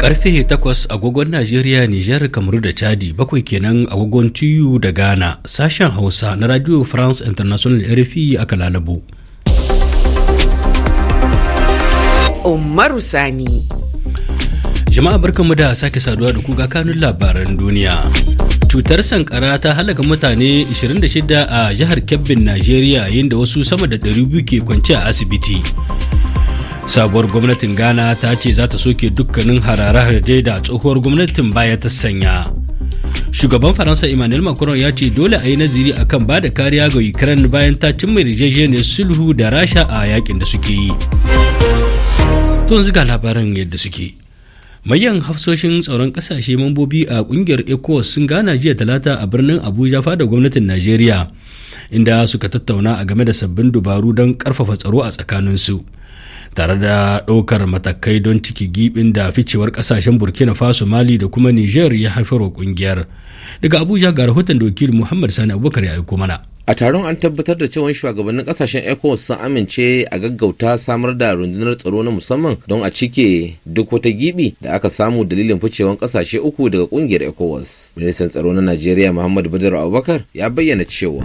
Karfe takwas agogon Najeriya, Nijar, Kamaru da Chadi, bakwai kenan agogon Tiyu da Ghana, sashen Hausa na Radio France International RFI aka lalabo. Umaru Sani. Jama'a barkanmu da sake saduwa da ku ga kanun labaran duniya. cutar sankara ta halaka mutane 26 a jihar kebbin najeriya yayin da wasu sama da 200 ke kwance a asibiti sabuwar gwamnatin ghana ta ce za ta soke dukkanin harare da tsohuwar gwamnatin baya ta sanya shugaban faransa emmanuel macron ya ce dole a yi naziri akan ba da kariya ga ukraine bayan ta cimma yarjejeniyar sulhu da rasha a yakin da suke yi tun ziga labaran yadda suke mayan hafsoshin tsaron kasashe mambobi a kungiyar ecowas sun gana jiya talata a birnin abuja fada gwamnatin najeriya inda suka tattauna a game da sabbin dubaru don karfafa tsaro a tsakaninsu tare da ɗaukar matakai don ciki gibin da ficewar ƙasashen burkina faso mali da kuma niger ya haifarwa ƙungiyar daga abuja ga rahoton da wakil muhammad sani abubakar ya aiko mana a taron an tabbatar da cewa shugabannin kasashen ecowas sun amince a gaggauta samar da rundunar tsaro na musamman don a cike duk wata gibi da aka samu dalilin ficewan kasashe uku daga kungiyar ecowas ministan tsaro na najeriya muhammad badar abubakar ya bayyana cewa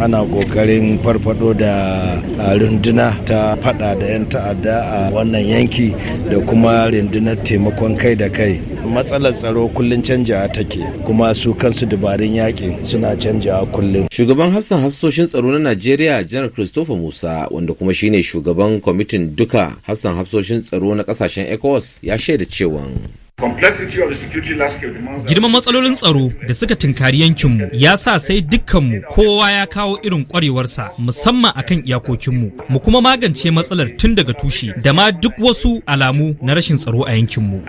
ana kokarin farfado da runduna ta fada da 'yan ta'adda a wannan yanki da kuma rundunar taimakon kai da kai matsalar tsaro kullum canjawa take kuma su kansu dabarun yakin suna canjawa kullum shugaban hafsan hafsoshin tsaro na najeriya janar christopher musa wanda kuma shine shugaban kwamitin duka hafsan hafsoshin tsaro na kasashen ecowas ya shaida cewa Girman matsalolin tsaro da suka tunkari yankinmu ya sa sai dukkanmu kowa ya kawo irin kwarewarsa musamman a kan iyakokinmu mu kuma magance matsalar tun daga tushe da ma duk wasu alamu na rashin tsaro a yankinmu.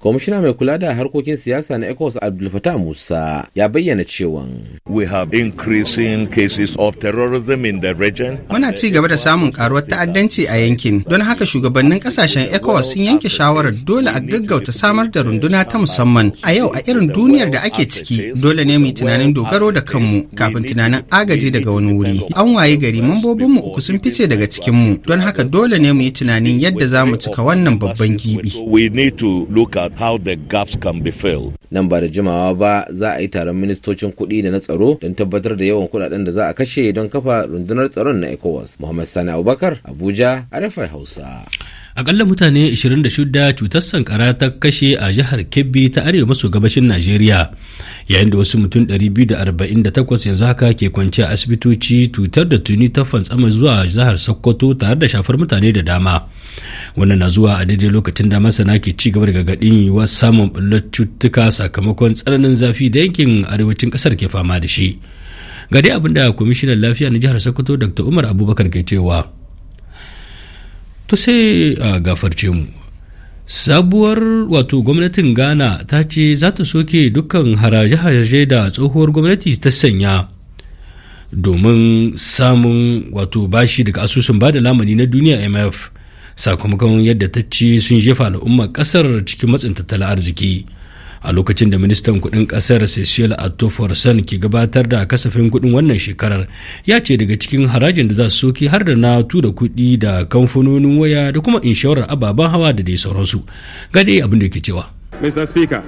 Kwamishina mai kula da harkokin siyasa na ECOWAS Fattah Musa ya bayyana cewa We have increasing cases of terrorism in the region. Muna ci gaba da samun karuwar ta'addanci a yankin don haka shugabannin kasashen ECOWAS sun yanke shawarar dole a gaggauta samar da runduna ta musamman a yau a irin duniyar da ake ciki dole ne mu tunanin dogaro da kanmu kafin tunanin agaji daga wani wuri an waye gari mambobinmu uku sun fice daga cikin mu don haka dole ne mu yi tunanin yadda za mu cika wannan babban gibi nan ba da jimawa ba za a yi taron ministocin kuɗi da na tsaro don tabbatar da yawan kuɗaɗen da za a kashe don kafa rundunar tsaron na ecowas muhammad sani abubakar abuja arafai hausa Akalla mutane 26 cutar sankara ta kashe a jihar Kebbi ta arewa maso gabashin Najeriya, yayin da wasu mutum 248 yanzu haka ke kwance a asibitoci cutar da tuni ta fantsama zuwa jihar Sokoto tare da shafar mutane da dama. Wannan na zuwa a daidai lokacin da masana ke ci gaba da yi yiwuwar samun ɓullar cutuka sakamakon tsananin zafi da yankin arewacin ƙasar ke fama da shi. Ga dai abin da kwamishinan lafiya na jihar Sokoto Dr. Umar Abubakar ke cewa. to sai a gafarce mu sabuwar wato gwamnatin ghana ta ce za ta soke dukkan haraje-haraje da tsohuwar gwamnati ta sanya domin samun wato bashi daga asusun ba da lamani na duniya mf sakamakon yadda ta ce sun jefa al'ummar kasar cikin matsin tattalin arziki a lokacin da ministan kudin kasar cecil atto ke gabatar da kasafin kudin wannan shekarar ya ce daga cikin harajin da za su soki har da na tura kudi da kamfanonin waya da kuma inshorar ababen hawa da dai sauransu ga dai abin da ke cewa mr speaker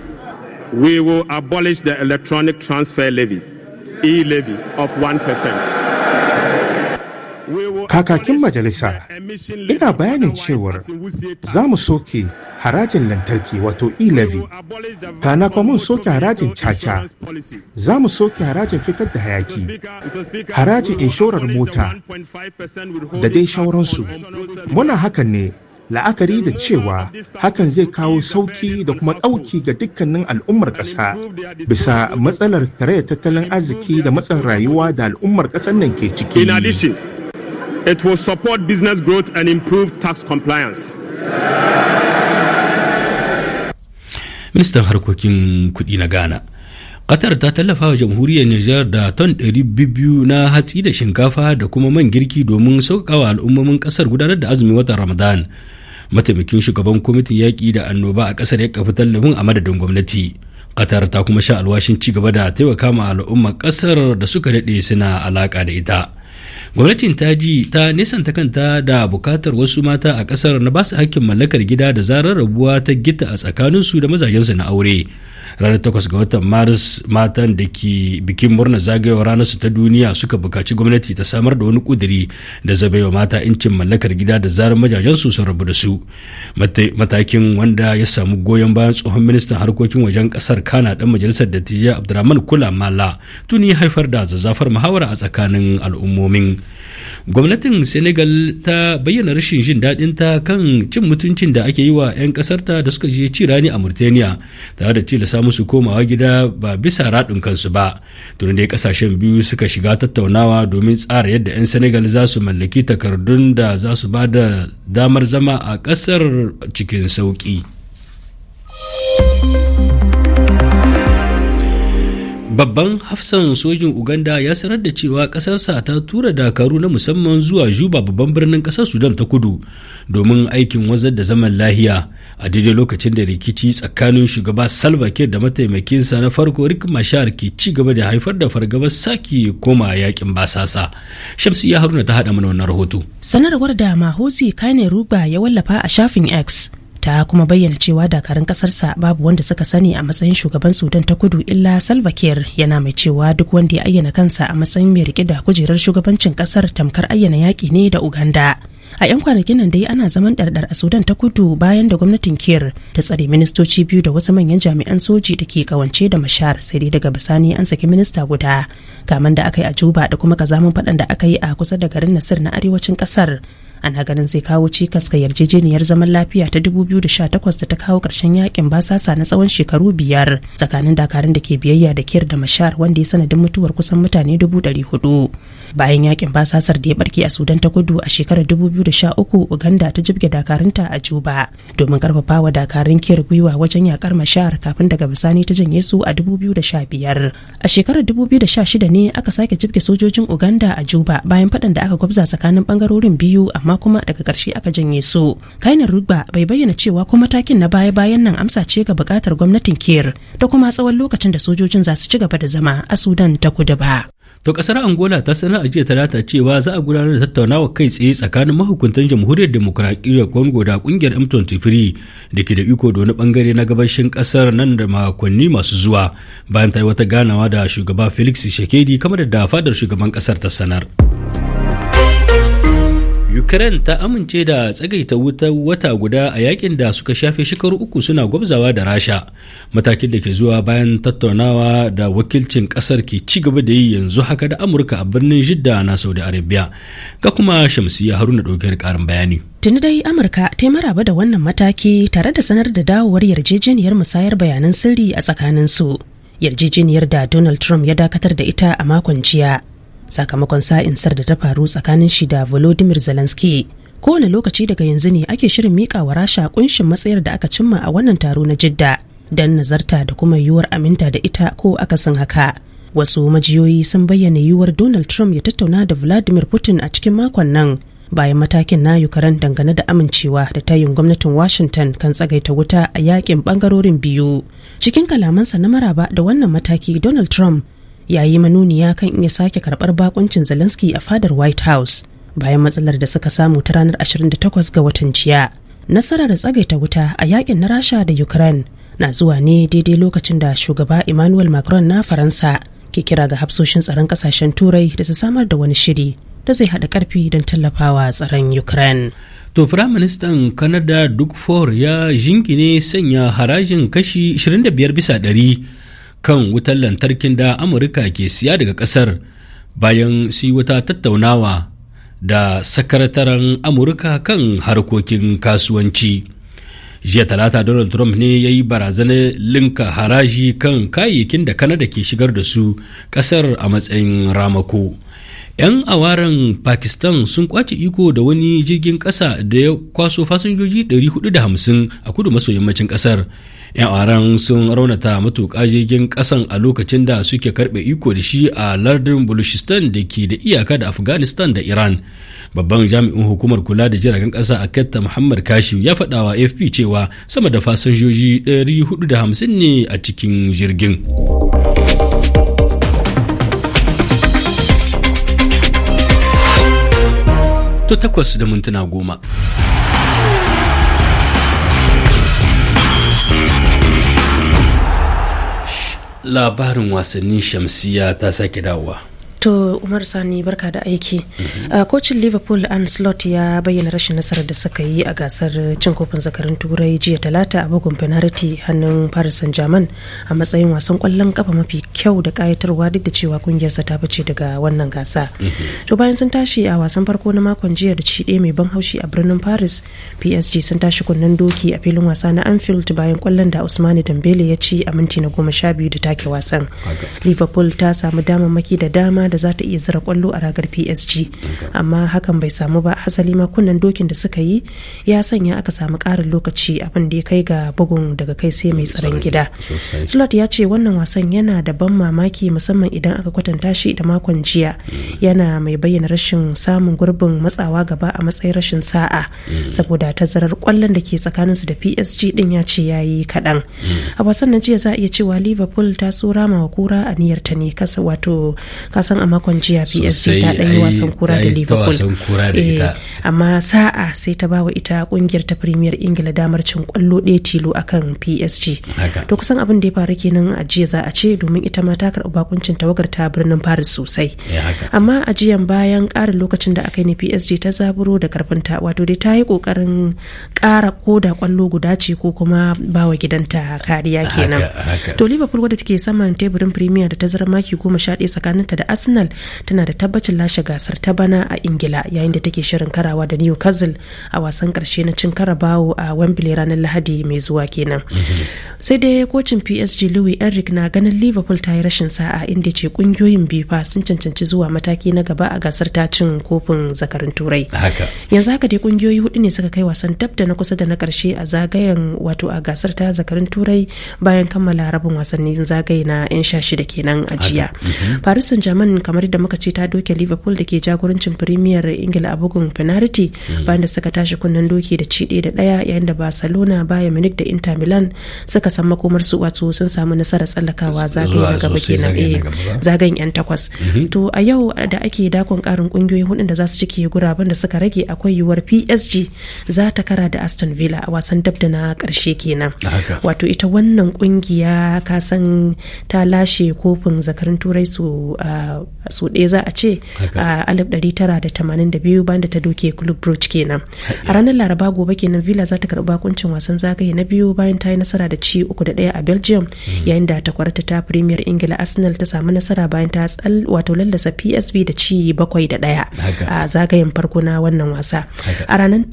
we will abolish the electronic transfer levy e-levy of 1%. Kakakin majalisa ina bayanin cewar za mu soke harajin lantarki wato e-levy, kana kuma mun soke harajin caca, za mu soke harajin fitar da hayaki, harajin inshorar mota da dai shauransu. Muna hakan ne la'akari da cewa hakan zai kawo sauki da kuma ɗauki ga dukkanin al'ummar ƙasa bisa matsalar karaya tattalin arziki da matsalar rayuwa da al'ummar ƙasar nan ke ciki. It will support business growth and improve tax compliance. Ministan harkokin kudi na Ghana. Qatar ta tallafa wa jamhuriyar Nijar da ton 200 na hatsi da shinkafa da kuma man girki domin wa al'ummomin ƙasar gudanar da azumin watan Ramadan. Mataimakin shugaban kwamitin yaƙi da annoba a ƙasar ya kafa tallafin a madadin gwamnati. Qatar ta kuma sha alwashin ci gaba da taimaka ma al'ummar ƙasar da suka daɗe suna alaƙa da ita. gwamnatin ta ji ta ta kanta da bukatar wasu mata a kasar na basu hakkin mallakar gida da zarar rabuwa ta gita a tsakaninsu da mazajensu na aure ranar 8 ga watan maris matan da ke bikin murna zagayowar ranar su ta duniya suka bukaci gwamnati ta samar da wani kudiri da zabe wa mata incin mallakar gida da zarar majajen su sun rabu da su matakin wanda ya samu goyon bayan tsohon ministan harkokin wajen kasar kana dan majalisar dattijai abdurrahman kula mala tuni haifar da zazzafar muhawara a tsakanin al'ummomin gwamnatin senegal ta bayyana rashin jin daɗin ta kan cin mutuncin da ake yi wa 'yan ƙasarta da suka je ci rani a murtaniya tare da tilasa musu komawa gida ba bisa raɗin kansu ba tun dai kasashen biyu suka shiga tattaunawa domin tsara yadda 'yan senegal za su mallaki takardun da za su ba da damar zama a ƙasar cikin sauƙi. Babban hafsan sojin Uganda ya sanar da cewa ƙasarsa ta tura dakaru na musamman zuwa Juba babban birnin ƙasar Sudan ta kudu domin aikin wazar da zaman lahiya a daidai lokacin da rikici tsakanin shugaba Salva Kiir da mataimakinsa na farko rik Mashar ke ci gaba da haifar da fargabar sake koma yakin basasa. ya Haruna ta haɗa mana wannan rahoto. Sanarwar da Mahosi Kane Ruba ya wallafa a shafin X ta kuma bayyana cewa dakarun kasarsa babu wanda suka sani a matsayin shugaban sudan ta kudu illa salva yana mai cewa duk wanda ya ayyana kansa a matsayin mai rike da kujerar shugabancin kasar tamkar ayyana yaki ne da uganda a 'yan kwanakin nan dai ana zaman ɗarɗar a sudan ta kudu bayan da gwamnatin kir ta tsare ministoci biyu da wasu manyan jami'an soji da ke kawance da mashar sai dai daga bisani an saki minista guda kaman da aka yi a juba da kuma kazamin faɗan da aka yi a kusa da garin nasir na arewacin ƙasar ana ganin zai kawo cikas ga yarjejeniyar zaman lafiya ta 2018 da ta kawo ƙarshen yakin basasa na tsawon shekaru biyar tsakanin dakarun da ke biyayya da kiyar da mashar wanda ya sanadin mutuwar kusan mutane 400 bayan yakin basasar da ya barke a sudan ta kudu a shekarar 2013 uganda ta jibge dakarunta a juba domin karfafa wa dakarun kiyar gwiwa wajen yakar mashar kafin daga bisani ta janye su a 2015 a shekarar 2016 ne aka sake jibge sojojin uganda a juba bayan faɗan da aka gwabza tsakanin bangarorin biyu amma amma kuma daga ƙarshe aka janye su kainar rugba bai bayyana cewa ko matakin na baya-bayan nan amsa ce ga buƙatar gwamnatin kir da kuma tsawon lokacin da sojojin za su ci gaba da zama a sudan ta kudu ba To kasar Angola ta sanar a jiya talata cewa za a gudanar da tattaunawa kai tsaye tsakanin mahukuntan jamhuriyar demokuraɗiyyar Congo da kungiyar M23 da ke da iko da wani bangare na gabashin kasar nan da makonni masu zuwa bayan ta yi wata ganawa da shugaba Felix Shekedi kamar da fadar shugaban kasar ta sanar. ukraine ta amince da tsagaita wuta wata guda a yakin da suka shafe shekaru uku suna gwabzawa da rasha matakin da ke zuwa bayan tattaunawa da wakilcin kasar ke ci gaba da yi yanzu haka da amurka a birnin jidda na saudi arabia ga kuma shamsiya haruna ɗaukar ƙarin bayani tuni dai amurka ta maraba da wannan mataki tare da sanar da dawowar yarjejeniyar musayar bayanan sirri a tsakanin su yarjejeniyar da donald trump ya dakatar da ita a makon jiya sakamakon sa'insar da ta faru tsakanin shi da volodymyr zelensky kowane lokaci daga yanzu ne ake shirin miƙa wa rasha kunshin matsayar da aka cimma a wannan taro na jidda don nazarta da kuma yiwuwar aminta da ita ko akasin haka wasu majiyoyi sun bayyana yiwuwar donald trump ya tattauna da vladimir putin a cikin makon nan bayan matakin na ukraine dangane da amincewa da tayin gwamnatin washington kan tsagaita wuta a yakin bangarorin biyu cikin kalamansa na maraba da wannan mataki donald trump yayi manuniya kan iya sake karbar bakuncin Zelensky a fadar White House bayan matsalar da suka samu ta ranar 28 ga watan jiya. Nasarar tsagaita wuta a yakin na Rasha da Ukraine na zuwa ne daidai lokacin da shugaba Emmanuel Macron na Faransa ke kira ga hafsoshin tsaron kasashen Turai da su samar da wani shiri da zai haɗa karfi don tallafawa tsaron Ukraine. To Firaministan Canada duk Ford ya jinkine sanya harajin kashi 25 bisa ɗari. kan wutar lantarkin da amurka ke siya daga kasar bayan su yi wata tattaunawa da sakataren amurka kan harkokin kasuwanci jiya talata donald trump ne ya yi barazanar linka haraji kan kayayyakin da kanada ke shigar da su kasar a matsayin ramako 'yan awaran pakistan sun kwace iko da wani jirgin kasa da ya kwaso fasinjoji 450 a kudu maso yammacin kasar 'yan awaren sun raunata matuƙa jirgin kasan a lokacin da suke karbe iko da shi a lardin baluchistan da ke da iyaka da afghanistan da iran babban jami'in hukumar kula da jiragen kasa a ketta muhammad kashim ya faɗa wa afp cewa sama da fasinjoji 450 ne a cikin jirgin. ta takwas da mintuna goma. Labarin wasannin shamsiya ta sake dawowa. to umar sani barka da aiki A mhm. uh, kocin liverpool an slot ya bayyana rashin nasarar da suka yi a gasar cin kofin zakarin turai jiya talata a bugun penalty hannun paris saint germain a matsayin wasan kwallon kafa mafi kyau da kayatarwa duk da cewa kungiyarsa ta bace daga wannan gasa mhm. to bayan sun tashi a wasan farko na makon jiya da ci mai ban haushi a birnin paris psg sun tashi kunnen doki a filin wasa na anfield bayan kwallon da usmani dambele ya ci a minti na goma sha biyu da take wasan liverpool ta samu damammaki da dama da za ta iya zira kwallo a ragar PSG amma hakan bai samu ba hasali ma kunnan dokin da suka yi ya sanya aka samu ƙarin lokaci abin da ya kai ga bugun daga kai sai mai tsaron gida Slot ya ce wannan wasan yana da ban mamaki musamman idan aka kwatanta shi da makon jiya yana mai bayyana rashin samun gurbin matsawa gaba a matsayin rashin sa'a saboda tazarar kwallon da ke tsakaninsu da PSG din ya ce ya yi kaɗan a wasan na jiya za a iya cewa Liverpool ta so rama wa kura a niyyar ta ne kasa wato kasan a makon jiya psg ta dan yi wasan kura da liverpool eh, amma sa'a sai ta bawa ita kungiyar ta premier ingila damar cin kwallo ɗaya tilo akan psg to kusan abin da ya faru kenan a jiya za a ce domin ita ma ta karɓi bakuncin tawagar ta birnin paris sosai eh, amma a jiyan bayan ƙarin lokacin da aka yi ne psg ta zaburo da karfinta wato dai ta yi ƙoƙarin ƙara koda kwallo guda ce ko kuma bawa gidanta kariya kenan to liverpool wadda take saman teburin premier da ta maki goma sha ɗaya tsakaninta da as arsenal tana da tabbacin lashe gasar ta bana a ingila yayin da take shirin karawa da newcastle a wasan karshe na cin karabawo a wembley ranar lahadi mai zuwa kenan sai dai kocin psg louis enric na ganin liverpool ta yi rashin sa'a inda ce kungiyoyin biyu fa sun cancanci zuwa mataki na gaba a gasar ta cin kofin zakarin turai yanzu haka dai kungiyoyi hudu ne suka kai wasan dab da na kusa da na karshe a zagayen wato a gasar ta zakarin turai bayan kammala rabin wasannin zagaye na 'yan sha shida kenan a jiya mhm. paris saint germain kamar da muka ce ta doke liverpool da ke jagorancin premier ingila a bugun penalty mm. bayan da suka tashi kunnen doki da ci da daya yayin da barcelona bayan munich da inter milan suka san makomar su wato sun samu nasarar tsallakawa zagaye na gaba eh, zagayen yan takwas mm-hmm. to a yau da ake dakon karin kungiyoyi hudun da za su cike guraben da suka rage akwai yiwuwar psg za ta kara da aston villa a wasan dab da na karshe kenan wato ita wannan kungiya ka san ta lashe kofin zakarin turai su ah, su ɗaya za a ce a 1982 bayan da ta doke club brooch kenan a ranar laraba gobe kenan villa za ta karɓi bakuncin wasan zagaye na biyu bayan ta yi nasara da ci uku da ɗaya a belgium hmm. yayin da kwarta ta premier ingila arsenal ta samu nasara bayan ta wato lallasa psv da ci bakwai da ɗaya a zagayen farko na wannan wasa a ranar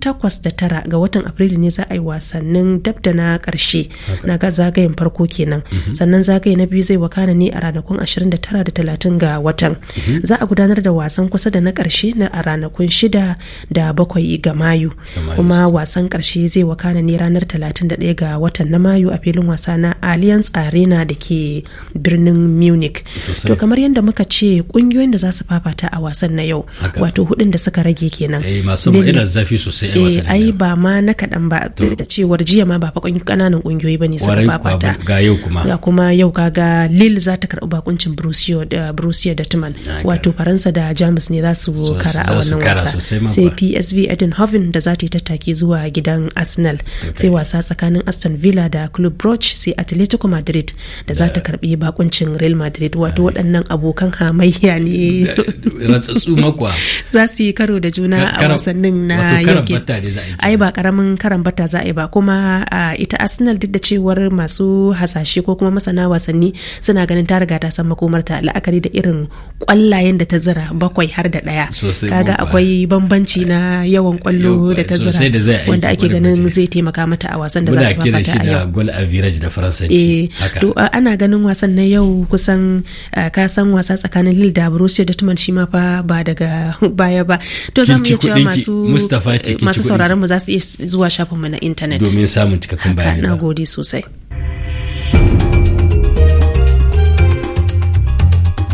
takwas da tara ga watan afrilu ne za a yi wasannin dab da na karshe na ga zagayen farko kenan hmm. sannan zagaye na biyu zai wakana ne a ranakun 29 da 30 ga watan mhm. za a gudanar da wasan kusa da na ƙarshe na a ranakun shida da bakwai ga mayu kuma wasan ƙarshe zai wakana ne ranar talatin da ga watan na mayu a filin wasa na alliance arena da ke birnin munich to kamar yadda muka ce ƙungiyoyin da za su fafata a wasan na yau wato hudun da suka rage kenan eh, eh, ba ma na kaɗan ba da cewar jiya ma ba fakon ƙananan ƙungiyoyi ba ne suka fafata ga kuma yau kaga lil za ta karɓi bakuncin bruce Borussia Tuman. Ah, wato Faransa da Jamus ne za su kara a wannan wasa sai PSV Eindhoven da za ta yi tattaki zuwa gidan Arsenal sai wasa tsakanin Aston Villa da Club Brugge sai Atletico Madrid da za ta karbi bakuncin Real Madrid wato waɗannan abokan hamayya ne ratsatsu makwa za su yi karo da juna a wasannin na yau ai ba karamin karan bata za a yi ba kuma ita Arsenal duk da cewar masu hasashe ko kuma masana wasanni suna ganin ta riga ta san makomarta la'akari da irin kwallayen da ta zira bakwai har da daya kaga akwai bambanci na yawan kwallo da ta zira wanda ake ganin zai taimaka mata a wasan da za su fafata a yau gol da faransanci eh, to ana ganin wasan na yau kusan ka san wasa tsakanin Lille da Borussia Dortmund shi ma fa ba daga baya ba to zamu iya cewa masu eh, masu sauraron mu za su iya zuwa shafinmu na intanet domin samun cikakken bayanai na gode sosai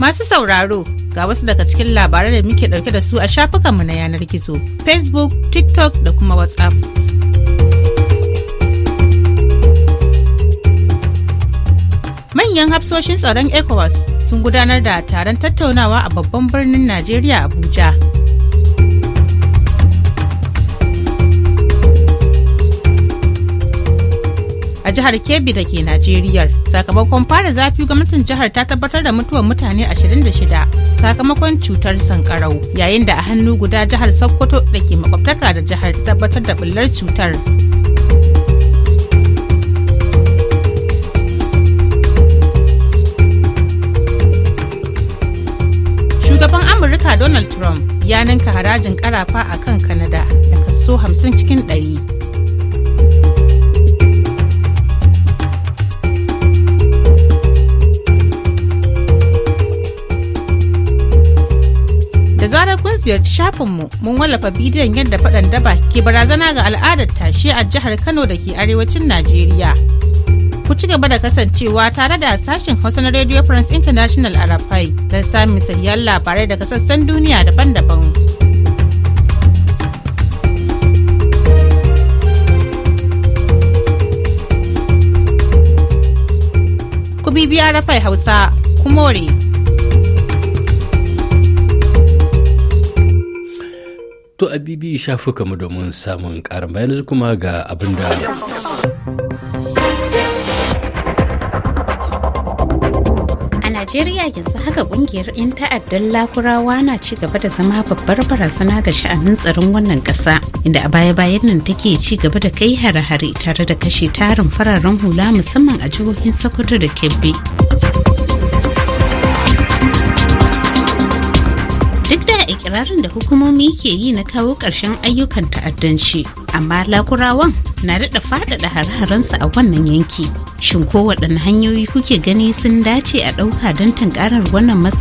Masu sauraro ga wasu daga cikin labarai da muke ɗauke da su a shafukanmu na yanar gizo, Facebook, TikTok da kuma WhatsApp. Manyan hafsoshin tsaron ECOWAS sun gudanar da taron tattaunawa a babban birnin Najeriya Abuja. jihar Kebbi da ke Najeriya. Sakamakon fara zafi gwamnatin jihar ta tabbatar da mutuwar mutane 26 sakamakon cutar sankarau. Yayin da a hannu guda jihar Sokoto da ke makwabtaka da jihar tabbatar da bullar cutar. Shugaban Amurka Donald Trump ya ninka harajin karafa a kan Kanada da kaso 50 cikin 100. ziyarci shafinmu mun wallafa bidiyon yadda faɗan daba ke barazana ga al'adar tashe a jihar Kano da ke arewacin Najeriya. Ku ci gaba da kasancewa tare da sashen Hausa na Radio France International a Rafai don samun sahihan labarai daga sassan duniya daban-daban. Ku bibiya Arafai Hausa, kumore. more. to a bibi mu domin samun ƙarin kuma ga abin da Najeriya yanzu haka kungiyar 'yan ta'addan lakurawa na ci gaba da zama babbar barazana ga sha'anin tsaron wannan ƙasa inda a baya-bayan nan take ci gaba da kai hare-hare tare da kashe tarin fararen hula musamman a jihohin Sokoto da Kebbi. ikirarin da hukumomi ke yi na kawo ƙarshen ayyukan ta'addanci amma lakurawan na daɗa faɗaɗa hare su a wannan yanki shin ko waɗanne hanyoyi kuke gani sun dace a ɗauka don tankarar wannan matsa